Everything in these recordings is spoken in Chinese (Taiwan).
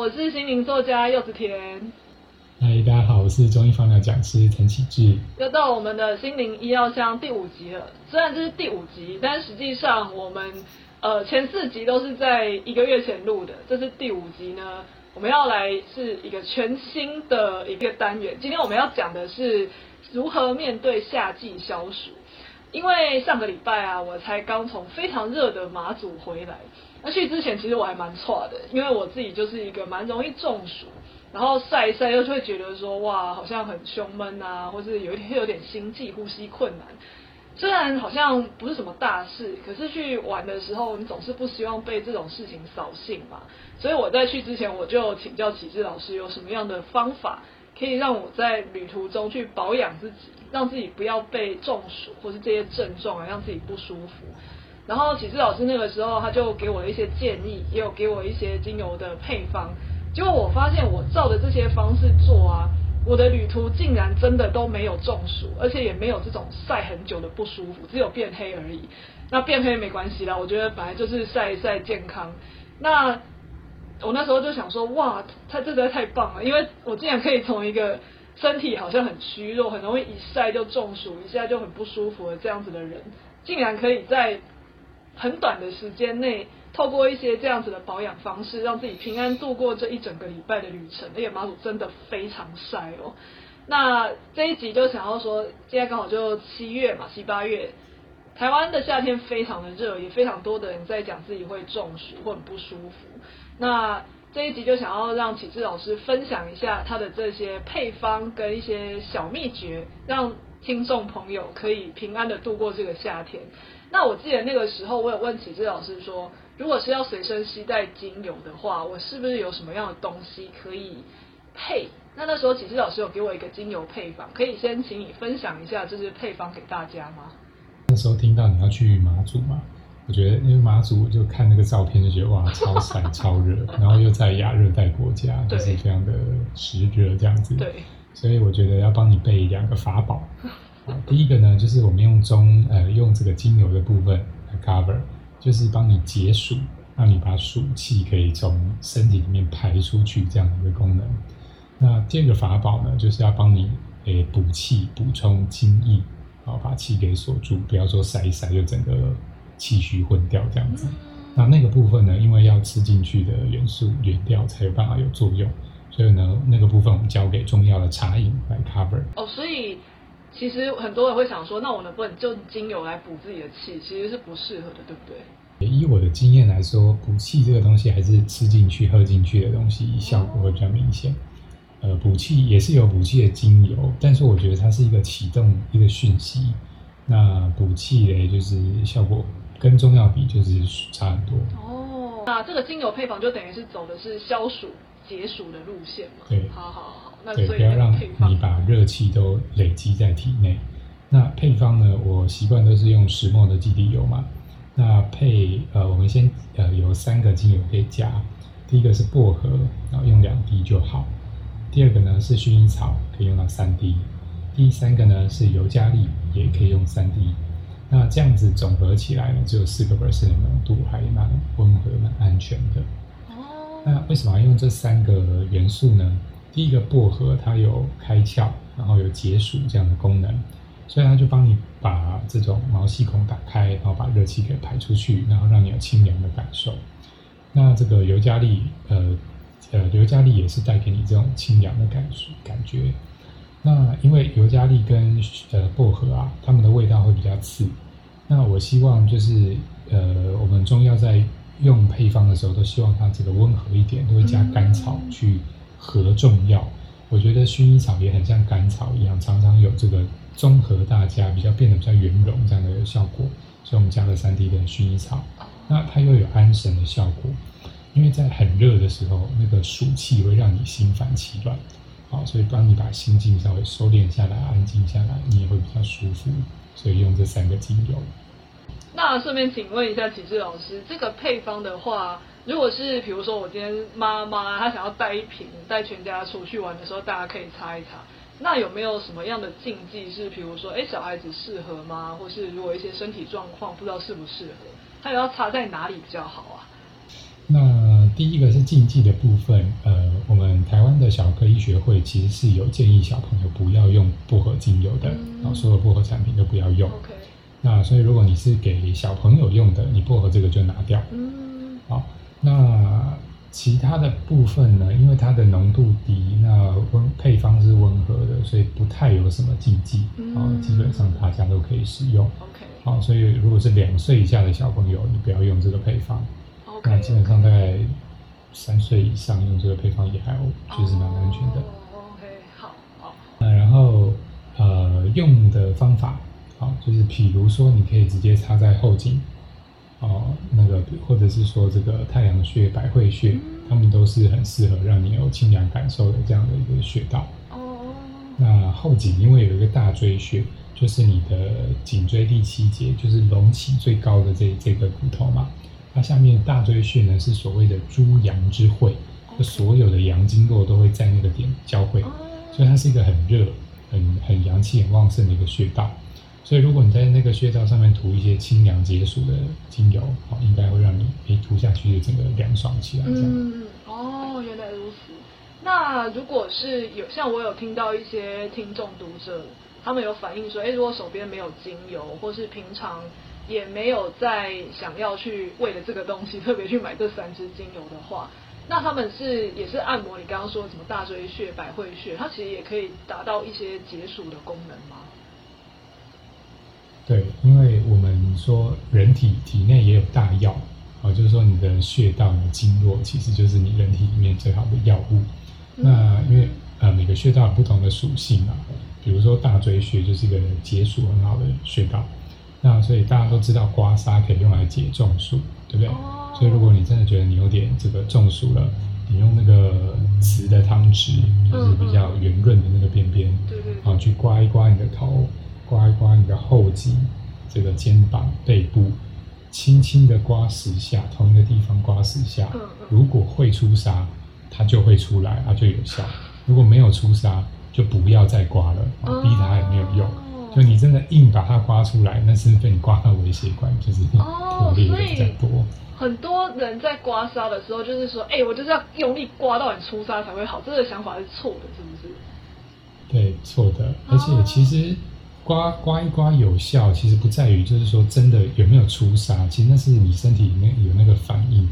我是心靈作家柚子甜。嗨，大家好，我是中醫芳療講師陳啟志。智又到我們的心靈醫藥箱第五集了，雖然這是第五集，但實際上我們呃前四集都是在一個月前錄的。這是第五集呢，我們要來是一個全新的一個單元。今天我們要講的是如何面對夏季消暑，因為上個禮拜啊，我才剛從非常熱的馬祖回來。那去之前，其實我還蠻剉的，因為我自己就是一個蠻容易中暑，然後曬一曬又會覺得說，哇，好像很胸悶啊，或是有一點會有點心悸、呼吸困難。雖然好像不是什麼大事，可是去玩的時候，你總是不希望被這種事情掃興嘛。所以我在去之前，我就請教啟志老師，有什麼樣的方法可以讓我在旅途中去保養自己，讓自己不要被中暑或是這些症狀啊，讓自己不舒服。然後啟志老師那個時候他就給我了一些建議，也有給我一些精油的配方。結果我發現我照著這些方式做啊，我的旅途竟然真的都沒有中暑，而且也沒有這種曬很久的不舒服，只有變黑而已。那變黑沒關係啦，我覺得本來就是曬一曬健康。那我那時候就想說，哇，他這實在太棒了，因為我竟然可以從一個身體好像很虛弱，很容易一曬就中暑，一下就很不舒服的這樣子的人，竟然可以在很短的時間內，透過一些這樣子的保養方式，讓自己平安度過這一整個禮拜的旅程。那個馬祖真的非常曬哦。那這一集就想要說，現在剛好就七月嘛，七八月，台灣的夏天非常的熱，也非常多的人在講自己會中暑或者很不舒服。那這一集就想要讓啟志老師分享一下他的這些配方跟一些小秘訣，讓聽眾朋友可以平安的度過這個夏天。那我記得那個時候，我有問啟志老師說，如果是要隨身攜帶精油的話，我是不是有什麼樣的東西可以配？那那時候啟志老師有給我一個精油配方，可以先請你分享一下，就是配方給大家嗎？那時候聽到你要去馬祖嘛，我覺得因為馬祖我就看那個照片就覺得哇，超曬超熱， 然後又在亞熱帶國家， 就是非常的濕熱這樣子，對，所以我覺得要幫你備兩個法寶。第一個呢，就是我們用中呃用這個精油的部分來 cover，就是幫你解暑，讓你把暑氣可以從身體裡面排出去這樣的一個功能。那第二個法寶呢，就是要幫你誒補氣，補充津液，好把氣給鎖住，不要說曬一曬就整個氣虛昏掉這樣子。那那個部分呢，因為要吃進去的元素原掉才有辦法有作用，所以呢那個部分我們交給中藥的茶飲來 cover。哦，所以。其實很多人會想說，那我能不能就精油來補自己的氣？其實是不適合的，對不對？以我的經驗來說，補氣這個東西還是吃進去、喝進去的東西效果會比較明顯。哦。呃，補氣也是有補氣的精油，但是我覺得它是一個啟動一個訊息。那補氣誒，就是效果跟中藥比就是差很多。哦，那這個精油配方就等於是走的是消暑、解暑的路線嘛？對，好，好好。對，不要讓你把熱氣都累積在體內。那配方呢？我習慣都是用十毫升的基底油嘛。那配呃，我們先呃，有三個精油可以加。第一個是薄荷，然後用兩滴就好。第二個呢是薰衣草，可以用到三滴。第三個呢是尤加利，也可以用三滴。那這樣子總合起來呢，只有四個 percent 濃度，還蠻溫和、蠻安全的。那為什麼要用這三個元素呢？第一個薄荷，它有開竅，然後有解暑這樣的功能，所以它就幫你把這種毛細孔打開，然後把熱氣給排出去，然後讓你有清涼的感受。那這個尤加利，呃呃，尤加利也是帶給你這種清涼的感受感覺。那因為尤加利跟呃薄荷啊，它們的味道會比較刺。那我希望就是呃，我們中藥在用配方的時候，都希望它這個溫和一點，都會加甘草去。何重要。我覺得薰衣草也很像甘草一樣，常常有這個綜合大家比較變得比較圓融這樣的效果，所以我們加了三滴的薰衣草，那它又有安神的效果，因為在很熱的時候，那個暑氣會讓你心煩氣亂，好，所以幫你把心境稍微收斂下來，安靜下來，你也會比較舒服，所以用這三個精油。那順便請問一下啟志老師，這個配方的話如果是比如說我今天媽媽她想要帶一瓶帶全家出去玩的時候，大家可以擦一擦。那有沒有什麼樣的禁忌是，比如說、欸，小孩子適合嗎？或是如果一些身體狀況不知道適不適合，它要擦在哪裡比較好啊？那第一個是禁忌的部分，呃，我們台灣的小科醫學會其實是有建議小朋友不要用薄荷精油的，然後、嗯哦、所有薄荷產品都不要用。OK 那。那所以如果你是給小朋友用的，你薄荷這個就拿掉。嗯。好、哦。那其他的部分呢？因為它的濃度低，那溫配方是溫和的，所以不太有什麼禁忌啊。基本上大家都可以使用。OK，好、哦，所以如果是兩歲以下的小朋友，你不要用這個配方。Okay, okay. 那基本上在三歲以上用這個配方也還有，確實蠻安全的。Oh, OK，好好。那然後呃，用的方法、哦、就是譬如說，你可以直接擦在後頸。哦，那個或者是說這個太陽穴、百會穴，他們都是很適合讓你有清涼感受的這樣的一個穴道。哦、嗯，那後頸因為有一個大椎穴，就是你的頸椎第七節，就是隆起最高的這這個骨頭嘛，它下面的大椎穴呢，是所謂的諸陽之會，所有的陽經絡都會在那個點交匯，所以它是一個很熱、很很陽氣很旺盛的一個穴道。所以，如果你在那個穴道上面塗一些清涼解暑的精油，哦，應該會讓你可以塗下去就整個涼爽起來。嗯，哦，原來如此。那如果是有像我有聽到一些聽眾讀者他們有反映說、欸，如果手邊沒有精油，或是平常也沒有再想要去為了這個東西特別去買這三支精油的話，那他們是也是按摩你剛剛說的什麼大椎穴、百會穴，它其實也可以達到一些解暑的功能嗎？對，因為我們說人體體內也有大藥啊、哦，就是說你的穴道、你的經絡，其實就是你人體裡面最好的藥物。嗯、那因為呃，每個穴道有不同的屬性嘛，比如說大椎穴就是一個解暑很好的穴道。那所以大家都知道刮痧可以用來解中暑，對不對？哦、所以如果你真的覺得你有點這個中暑了，你用那個瓷的湯匙，就是比較圓潤的那個邊邊，嗯嗯對，對，對對，然後去刮一刮你的頭。刮一刮你的後頸，這個肩膀，背部，輕輕的刮十下，同一個地方刮十下。如果會出痧，它就會出來，它就有效；如果沒有出痧，就不要再刮了。哦。逼它也沒有用。哦、就你真的硬把它刮出來，那是被你刮到微血管，就是哦，所再多。很多人在刮痧的時候，就是說：“哎、欸，我就是要用力刮到你出痧才會好。”這個想法是錯的，是不是？對，錯的。而且其實。哦刮刮一刮有效，其實不在於就是說真的有沒有出痧，其實那是你身體裡面有那個反應。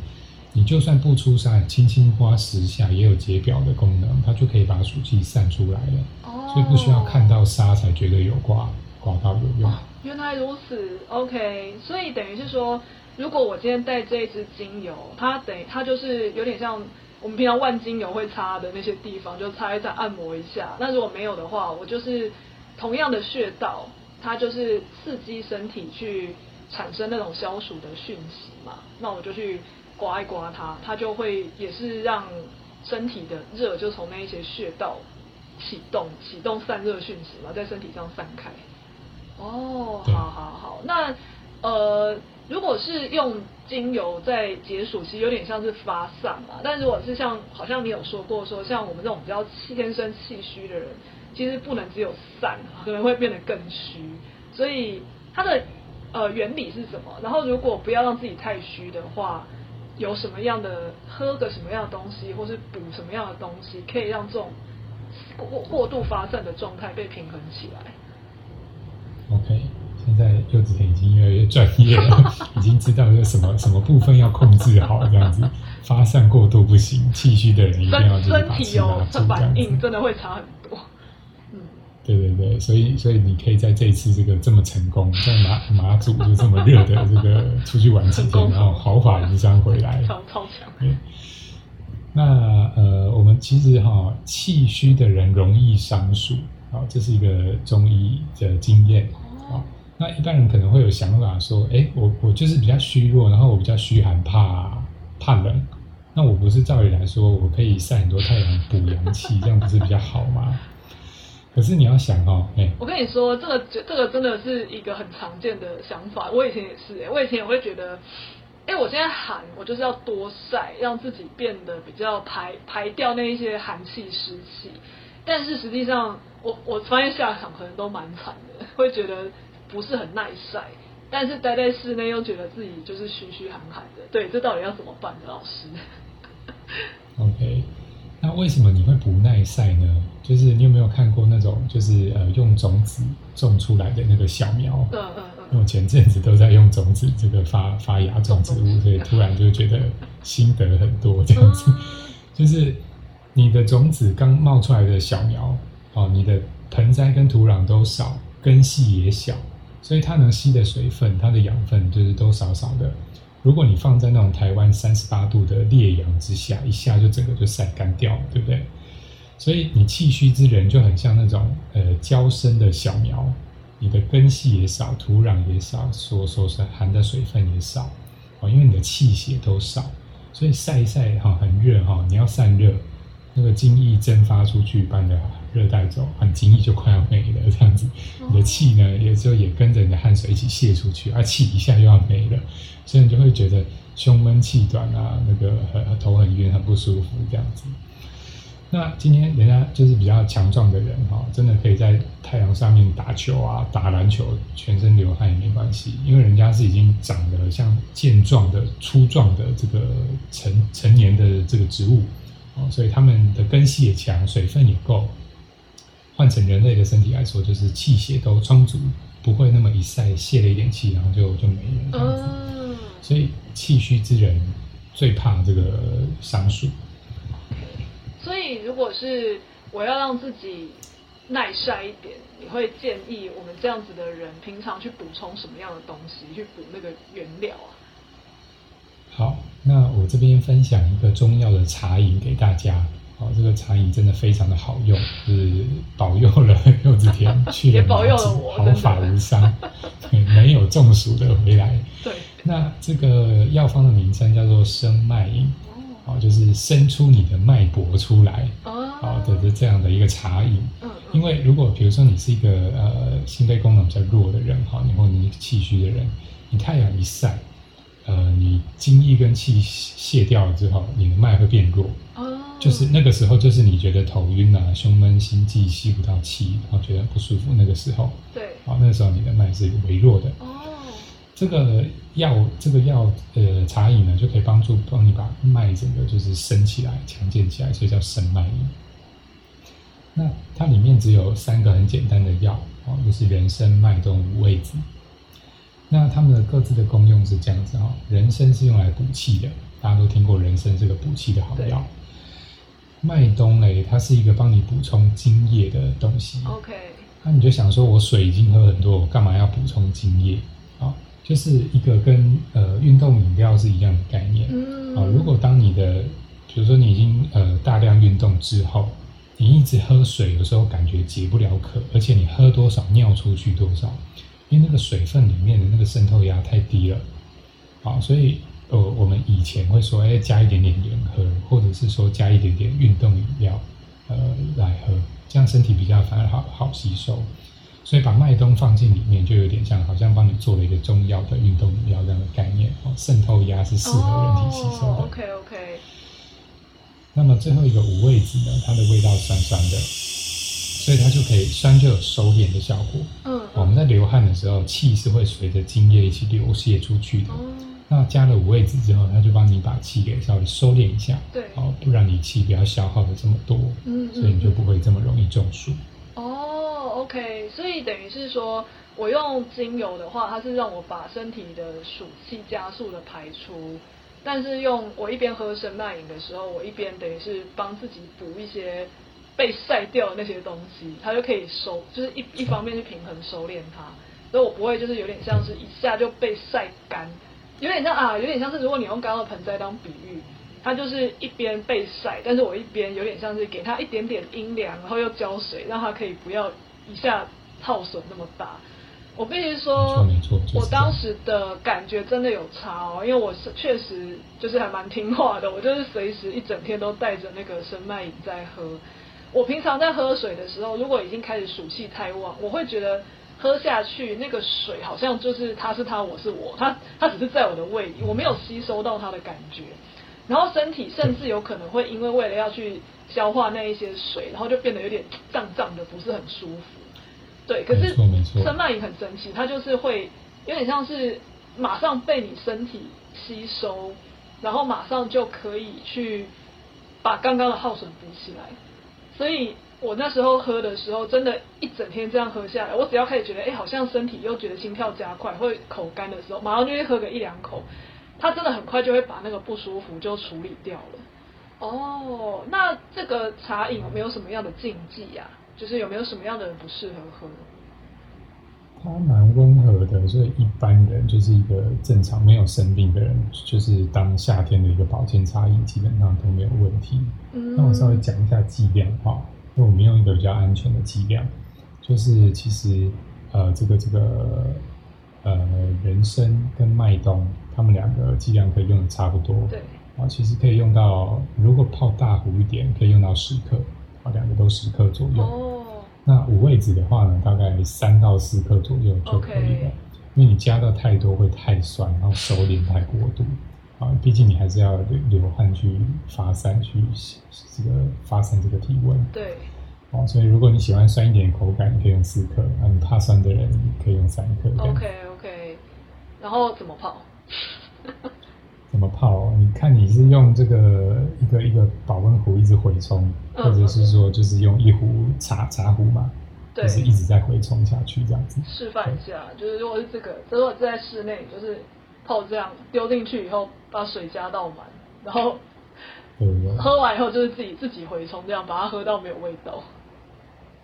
你就算不出痧，輕輕刮十下也有解表的功能，它就可以把暑氣散出來了。哦，所以不需要看到痧才覺得有刮刮到有用。原來如此，OK。所以等於是說，如果我今天帶這支精油，它等它就是有點像我們平常萬金油會擦的那些地方，就擦一擦按摩一下。那如果沒有的話，我就是。同樣的穴道，它就是刺激身體去產生那種消暑的訊息嘛。那我就去刮一刮它，它就會也是讓身體的熱就從那一些穴道啟動，啟動散熱訊息嘛，在身體上散開。哦、oh，好，好，好。那呃，如果是用精油在解暑，其實有點像是發散嘛、啊。但如果是像，好像你有說過說，像我們這種比較氣天生氣虛的人。其實不能只有散，可能會變得更虛。所以它的呃原理是什麼？然後如果不要讓自己太虛的話，有什麼樣的喝個什麼樣的東西，或是補什麼樣的東西，可以讓這種過過度發散的狀態被平衡起來？OK，現在柚子甜已經越來越專業了， 已經知道有什麼什麼部分要控制好， 這樣子發散過度不行。氣虛的人一定要就補氣嘛，這、哦、反應真的會差很多。對對對，所以所以你可以在這一次這個這麼成功，在馬馬祖就這麼熱的 這個出去玩幾天，然後毫髮無傷回來，超超強、嗯、那呃，我們其實哈、哦、氣虛的人容易傷暑，好、哦，這是一個中醫的經驗。哦哦、那一般人可能會有想法說，哎，我我就是比較虛弱，然後我比較虛寒，怕怕冷，那我不是照理來說，我可以晒很多太陽補陽氣， 這樣不是比較好嗎？可是你要想哦，哎、欸，我跟你說，這個這這個真的是一個很常見的想法。我以前也是、欸，哎，我以前也會覺得，哎、欸，我現在寒，我就是要多曬，讓自己變得比較排排掉那一些寒氣濕氣。但是實際上，我我發現下場可能都蠻慘的，會覺得不是很耐曬，但是待在室內又覺得自己就是虛虛寒寒的。對，這到底要怎麼辦呢，老師？OK。那為什麼你會不耐曬呢？就是你有沒有看過那種，就是呃，用種子種出來的那個小苗？嗯嗯嗯。嗯嗯，因為我前陣子都在用種子這個發發芽種植物，所以突然就覺得心得很多這樣子。嗯、就是你的種子剛冒出來的小苗，哦，你的盆栽跟土壤都少，根系也小，所以它能吸的水分、它的養分就是都少少的。如果你放在那種台灣三十八度的烈陽之下，一下就整個就曬乾掉了，對不對？所以你氣虛之人就很像那種呃嬌生的小苗，你的根系也少，土壤也少，所、所、所含的水分也少啊，因為你的氣血都少，所以曬一曬哈，很熱哈，你要散熱，那個津液蒸發出去般的。熱帶種很輕易就快要沒了，這樣子，你的氣呢，有時候也跟着你的汗水一起泄出去啊，氣一下又要沒了，所以你就會覺得胸悶氣短啊，那個很頭很暈，很不舒服這樣子。那今天人家就是比較強壯的人哈，真的可以在太陽上面打球啊，打籃球，全身流汗也沒關係，因為人家是已經長得像健壯的、粗壯的這個成成年的這個植物，所以他們的根系也強，水分也夠。換成人類的身體來說，就是氣血都充足，不會那麼一曬泄了一點氣，然後就就沒了。嗯、所以氣虛之人最怕這個傷暑。Okay，所以，如果是我要讓自己耐曬一點，你會建議我們這樣子的人平常去補充什麼樣的東西，去補那個原料啊？好，那我這邊分享一個中藥的茶飲給大家。哦，這個茶飲真的非常的好用，是保佑了柚子甜去了，也保佑了我毫髮無傷，沒有中暑的回來。對那這個藥方的名稱叫做生脈飲，哦，哦，就是生出你的脈搏出來，哦，的、哦就是、這樣的一個茶飲。嗯嗯、因為如果比如說你是一個呃心肺功能比較弱的人，哈，你或你氣虛的人，你太陽一曬，呃，你津液跟氣泄掉了之後，你的脈會變弱。哦就是那個時候，就是你覺得頭暈啊、胸悶、心悸、吸不到氣，然後覺得不舒服那個時候，對，啊、喔，那時候你的脈是微弱的。哦這藥，這個藥，這個藥，呃，茶飲呢，就可以幫助幫你把脈整個就是升起來、強健起來，所以叫生脈飲。那它裡面只有三個很簡單的藥，哦、喔，就是人參、麥冬、五味子。那它們的各自的功用是這樣子哦、喔，人參是用來補氣的，大家都聽過人參這個補氣的好藥。麥冬類它是一個幫你補充津液的東西。OK，那你就想說，我水已經喝很多，我幹嘛要補充津液？啊，就是一個跟呃運動飲料是一樣的概念。啊，如果當你的，比如說你已經呃大量運動之後，你一直喝水，有時候感覺解不了渴，而且你喝多少尿出去多少，因為那個水分裡面的那個滲透壓太低了。啊，所以。呃，我們以前會說，哎、欸，加一點點鹽喝，或者是說加一點點運動飲料，呃，來喝，這樣身體比較反而好好吸收。所以把麥冬放進裡面，就有點像好像幫你做了一個中藥的運動飲料這樣的概念。哦，滲透壓是適合人體吸收的。哦、OK OK。那麼最後一個五味子呢，它的味道酸酸的，所以它就可以酸，就有收斂的效果。嗯、哦，我們在流汗的時候，氣是會隨着津液一起流瀉出去的。哦那加了五味子之後，他就幫你把氣給稍微收斂一下，對，好、哦，不然你氣比較消耗的這麼多，嗯,嗯,嗯，所以你就不會這麼容易中暑。哦、oh,，OK，所以等於是說我用精油的話，它是讓我把身體的暑氣加速的排出，但是用我一邊喝生脈飲的時候，我一邊等於是幫自己補一些被曬掉的那些東西，它就可以收，就是一一方面去平衡收斂它,、嗯、它，所以我不會就是有點像是一下就被曬乾。嗯有點像啊，有點像是如果你用剛剛盆栽當比喻，它就是一邊被曬，但是我一邊有點像是給它一點點陰涼，然後又澆水，讓它可以不要一下耗損那麼大。我必須說，我當時的感覺真的有差哦，因為我是確實就是還蠻聽話的，我就是隨時一整天都帶着那個生脈飲在喝。我平常在喝水的時候，如果已經開始暑氣太旺，我會覺得。喝下去那個水好像就是他，是他，我是我，他他只是在我的胃裡，我沒有吸收到它的感覺，然後身體甚至有可能會因為為了要去消化那一些水，然後就變得有點脹脹的，不是很舒服。對，可是生脈飲很神奇，它就是會有點像是馬上被你身體吸收，然後馬上就可以去把剛剛的耗損補起來，所以。我那時候喝的時候，真的，一整天這樣喝下來，我只要開始覺得，哎，好像身體又覺得心跳加快，會口乾的時候，馬上就會喝個一兩口，它真的很快就會把那個不舒服就處理掉了。哦，那這個茶飲有沒有什麼樣的禁忌啊？就是有沒有什麼樣的人不適合喝？它蠻溫和的，所以一般人就是一個正常沒有生病的人，就是當夏天的一個保健茶飲，基本上都沒有問題。嗯，那我稍微講一下劑量哈。我們用一個比較安全的劑量，就是其實呃這個這個呃人參跟麥冬，他們兩個劑量可以用的差不多。對。啊，其實可以用到，如果泡大壺一點，可以用到十克，啊，兩個都十克左右。哦。那五味子的話呢，大概三到四克左右就可以了，Okay 因為你加到太多會太酸，然後收斂太過度。啊，畢竟你還是要流汗去發散，去這個發散這個體溫。對。哦，所以如果你喜歡酸一點口感，你可以用四克；那、啊、你怕酸的人你可以用三克。OK OK。然後怎麼泡？ 怎麼泡？你看你是用這個一個一個保溫壺一直回沖，嗯、或者是說就是用一壺茶茶壺嘛，對就是一直在回沖下去這樣子。示範一下，對就是如果是這個，如果在室內，就是泡這樣丟進去以後。把水加到滿，然後喝完以後就是自己對對自己回沖，這樣把它喝到沒有味道。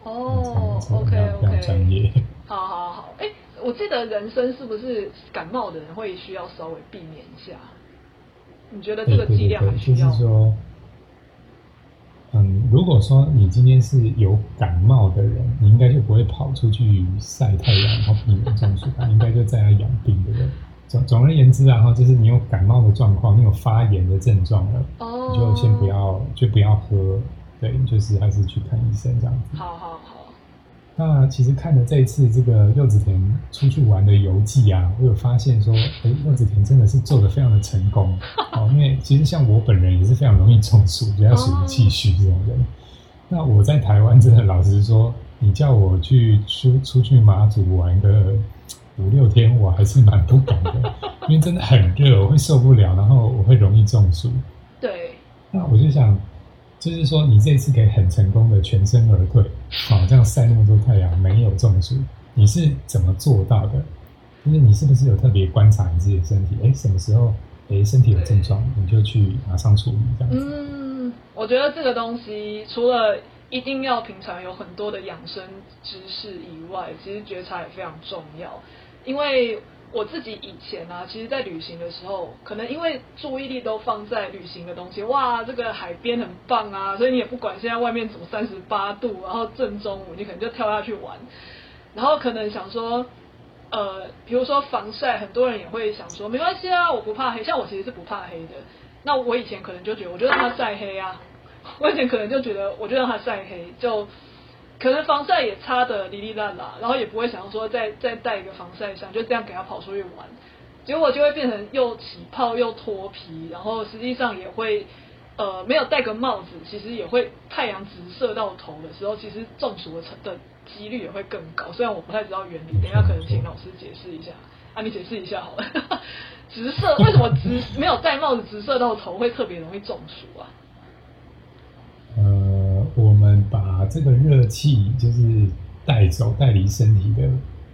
哦、oh,，OK OK，好好好，哎、欸，我記得人參是不是感冒的人會需要稍微避免一下？你覺得這個劑量怎麼說嗯，如果說你今天是有感冒的人，你應該就不會跑出去曬太陽，然後避免中暑吧？ 應該就在家養病的人。總總而言之啊，哈，就是你有感冒的狀況，你有發炎的症狀了，oh. 你就先不要，就不要喝，對，就是還是去看醫生這樣子。好好好。那其實看了這一次這個柚子甜出去玩的遊記啊，我有發現說，哎、欸，柚子甜真的是做得非常的成功 因為其實像我本人也是非常容易中暑，比較屬於氣虛這種人。Oh. 那我在台灣真的老實說，你叫我去出出去馬祖玩個天我還是蠻不敢的， 因為真的很熱，我會受不了，然後我會容易中暑。對，那我就想，就是說你這一次可以很成功的全身而退，好像曬那麼多太陽，沒有中暑，你是怎麼做到的？就是你是不是有特別觀察你自己的身體？哎、欸，什麼時候哎、欸、身體有症狀，對你就去馬上處理這樣子。嗯，我覺得這個東西除了一定要平常有很多的養生知識以外，其實覺察也非常重要。因為我自己以前啊，其實，在旅行的時候，可能因為注意力都放在旅行的東西，哇，這個海邊很棒啊，所以你也不管現在外面怎麼三十八度，然後正中午，你可能就跳下去玩，然後可能想說，呃，比如說防曬，很多人也會想說，沒關係啊，我不怕黑，像我其實是不怕黑的，那我以前可能就覺得，我就讓它曬黑啊，我以前可能就覺得，我就讓它曬黑，就。可能防曬也擦得離離爛啦，然後也不會想要說再再帶一個防曬霜，就這樣給它跑出去玩，結果就會變成又起泡又脫皮，然後實際上也會呃沒有戴個帽子，其實也會太陽直射到頭的時候，其實中暑的成的幾率也會更高。雖然我不太知道原理，等一下可能請老師解釋一下，啊你解釋一下好了，呵呵直射為什麼直沒有戴帽子直射到頭會特別容易中暑啊？這個熱氣就是帶走、帶離身體的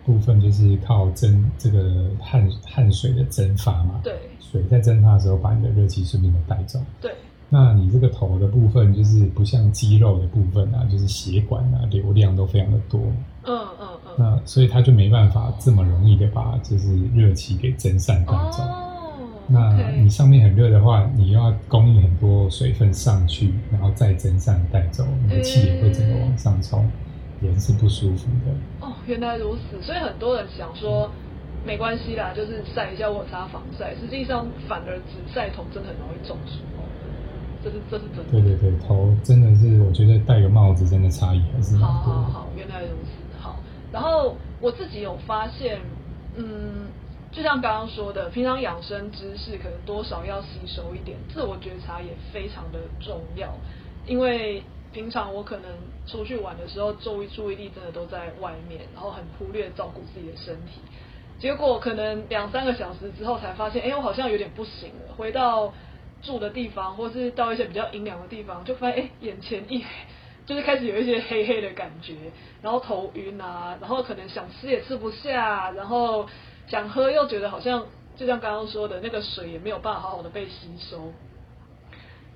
部分，就是靠蒸這個汗、汗水的蒸發嘛。對，水在蒸發的時候，把你的熱氣順便的帶走。對，那你這個頭的部分，就是不像肌肉的部分啊，就是血管啊，流量都非常的多。嗯嗯嗯。哦哦、那所以它就沒辦法這麼容易的把就是熱氣給蒸散帶走。哦。那你上面很熱的話，Okay. 你又要供應很多水分上去，然後再蒸散帶走，你的氣也會整個往上衝，欸、也是不舒服的。哦，原來如此。所以很多人想說，嗯、沒關係啦，就是曬一下，我擦防曬。實際上反而只曬頭真的很容易中暑哦，這是，這是真的。對對對，頭真的是，我覺得戴個帽子真的差異還是很多。好,好好，原來如此。好，然後我自己有發現，嗯。就像剛剛說的，平常養生知識可能多少要吸收一點，自我覺察也非常的重要。因為平常我可能出去玩的時候，注意注意力真的都在外面，然後很忽略照顧自己的身體，結果可能兩三個小時之後才發現，誒、欸、我好像有點不行了。回到住的地方，或是到一些比較陰涼的地方，就發現誒眼前一黑，就是開始有一些黑黑的感覺，然後頭暈啊，然後可能想吃也吃不下，然後。想喝又覺得好像，就像剛剛說的，那個水也沒有辦法好好的被吸收。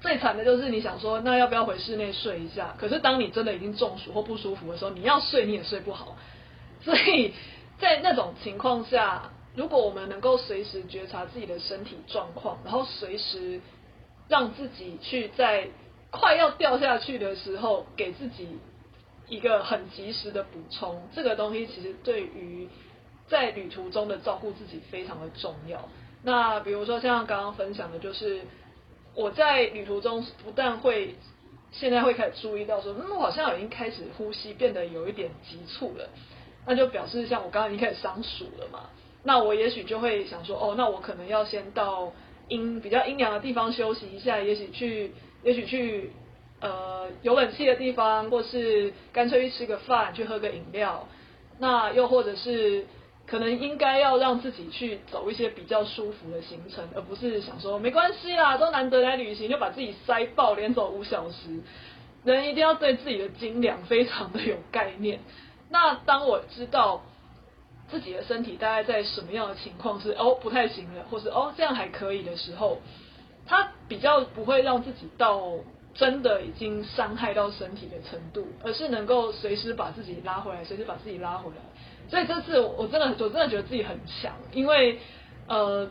最慘的就是你想說，那要不要回室內睡一下？可是當你真的已經中暑或不舒服的時候，你要睡你也睡不好。所以在那種情況下，如果我們能夠隨時覺察自己的身體狀況，然後隨時讓自己去在快要掉下去的時候，給自己一個很及時的補充。這個東西其實對於……在旅途中的照顧自己非常的重要。那比如說像剛剛分享的，就是我在旅途中不但會，現在會開始注意到說，嗯，我好像已經開始呼吸變得有一點急促了，那就表示像我剛剛已經開始傷暑了嘛。那我也許就會想說，哦，那我可能要先到陰比較陰涼的地方休息一下，也許去，也許去呃有冷氣的地方，或是乾脆去吃個飯，去喝個飲料，那又或者是。可能應該要讓自己去走一些比較舒服的行程，而不是想說沒關係啦，都難得來旅行，就把自己塞爆，連走五小時。人一定要對自己的斤兩非常的有概念。那當我知道自己的身體大概在什麼樣的情況是，哦，不太行了，或是，哦，這樣還可以的時候，他比較不會讓自己到。真的已經傷害到身體的程度，而是能夠隨時把自己拉回來，隨時把自己拉回來。所以這次我我真的我真的覺得自己很強，因為呃，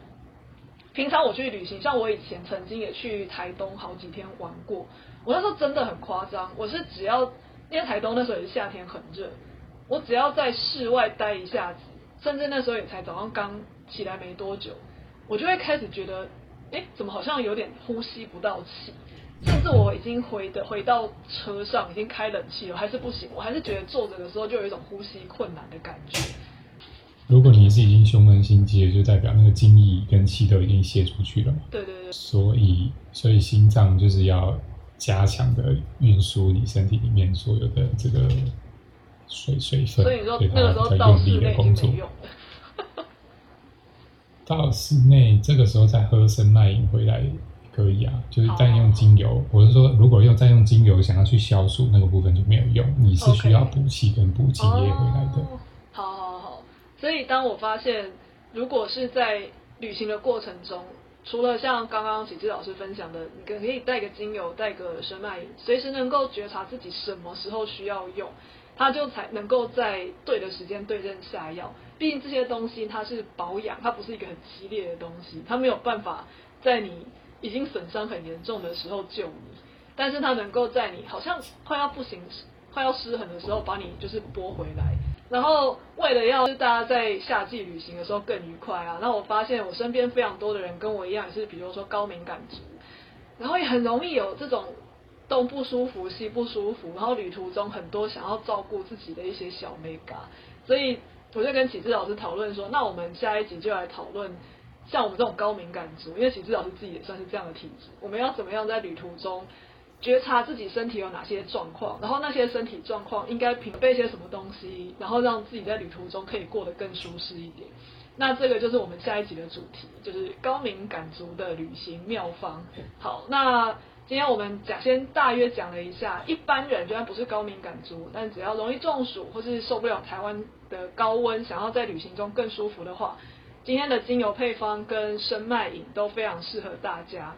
平常我去旅行，像我以前曾經也去台東好幾天玩過，我那時候真的很誇張，我是只要，因為台東那時候也是夏天很熱，我只要在室外待一下子，甚至那時候也才早上剛起來沒多久，我就會開始覺得，誒，怎麼好像有點呼吸不到氣。甚至我已經回的回到車上，已經開冷氣了，還是不行。我還是覺得坐着的時候就有一種呼吸困難的感覺。如果你是已經胸悶心悸，就代表那個津液跟氣都已經泄出去了嘛。對對對。所以，所以心臟就是要加強的運輸你身體裡面所有的這個水水分。所以說，那個時候到室內已經沒用了 到室內這個時候再喝生脈飲回來。可以啊，就是，用好好好是再用精油，我是說，如果用再用精油，想要去消暑那個部分就沒有用，你是需要補氣跟補精液回來的。好好好，所以當我發現，如果是在旅行的過程中，除了像剛剛啟志老師分享的，你可以帶個精油，帶個生脈飲，隨時能夠覺察自己什麼時候需要用，它就才能夠在對的時間對症下藥。畢竟這些東西它是保養，它不是一個很激烈的東西，它沒有辦法在你已經損傷很嚴重的時候救你，但是它能夠在你好像快要不行，快要失衡的時候把你就是撥回來。然後為了要大家在夏季旅行的時候更愉快啊，那我發現我身邊非常多的人跟我一樣也是，比如說高敏感族，然後也很容易有這種東不舒服、西不舒服，然後旅途中很多想要照顧自己的一些小妹嘎。所以我就跟啟志老師討論說，那我們下一集就來討論。像我們這種高敏感族，因為啟志老師自己也算是這樣的體質，我們要怎麼樣在旅途中覺察自己身體有哪些狀況，然後那些身體狀況應該平備些什麼東西，然後讓自己在旅途中可以過得更舒適一點。那這個就是我們下一集的主題，就是高敏感族的旅行妙方。好，那今天我們講先大約講了一下，一般人雖然不是高敏感族，但只要容易中暑或是受不了台灣的高溫，想要在旅行中更舒服的話，今天的精油配方跟生脈飲都非常適合大家。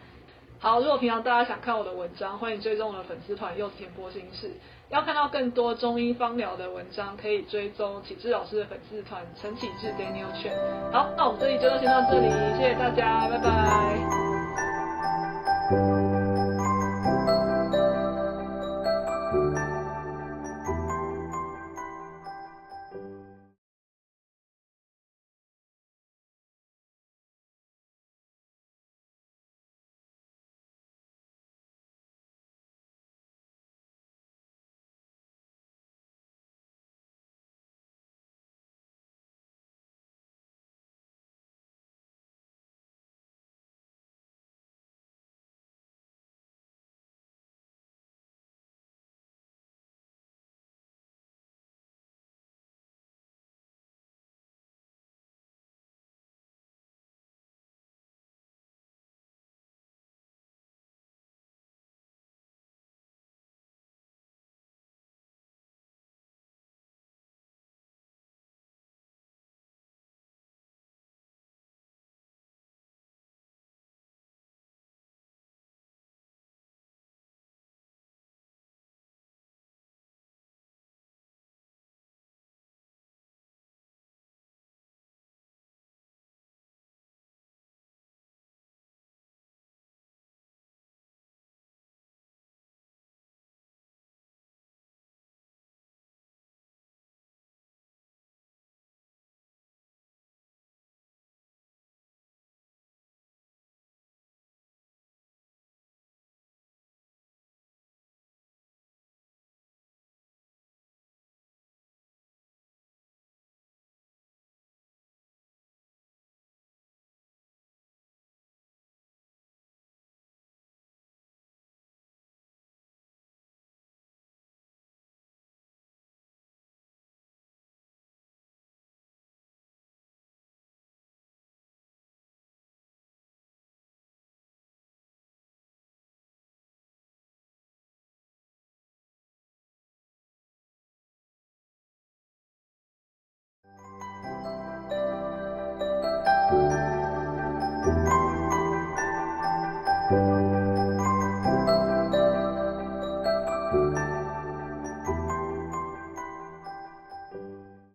好，如果平常大家想看我的文章，歡迎追蹤我的粉絲團柚子甜剝心事。要看到更多中醫芳療的文章，可以追蹤啟志老師的粉絲團陳啟志 Daniel Chen。好，那我們這裡就先到這裡，謝謝大家，拜拜。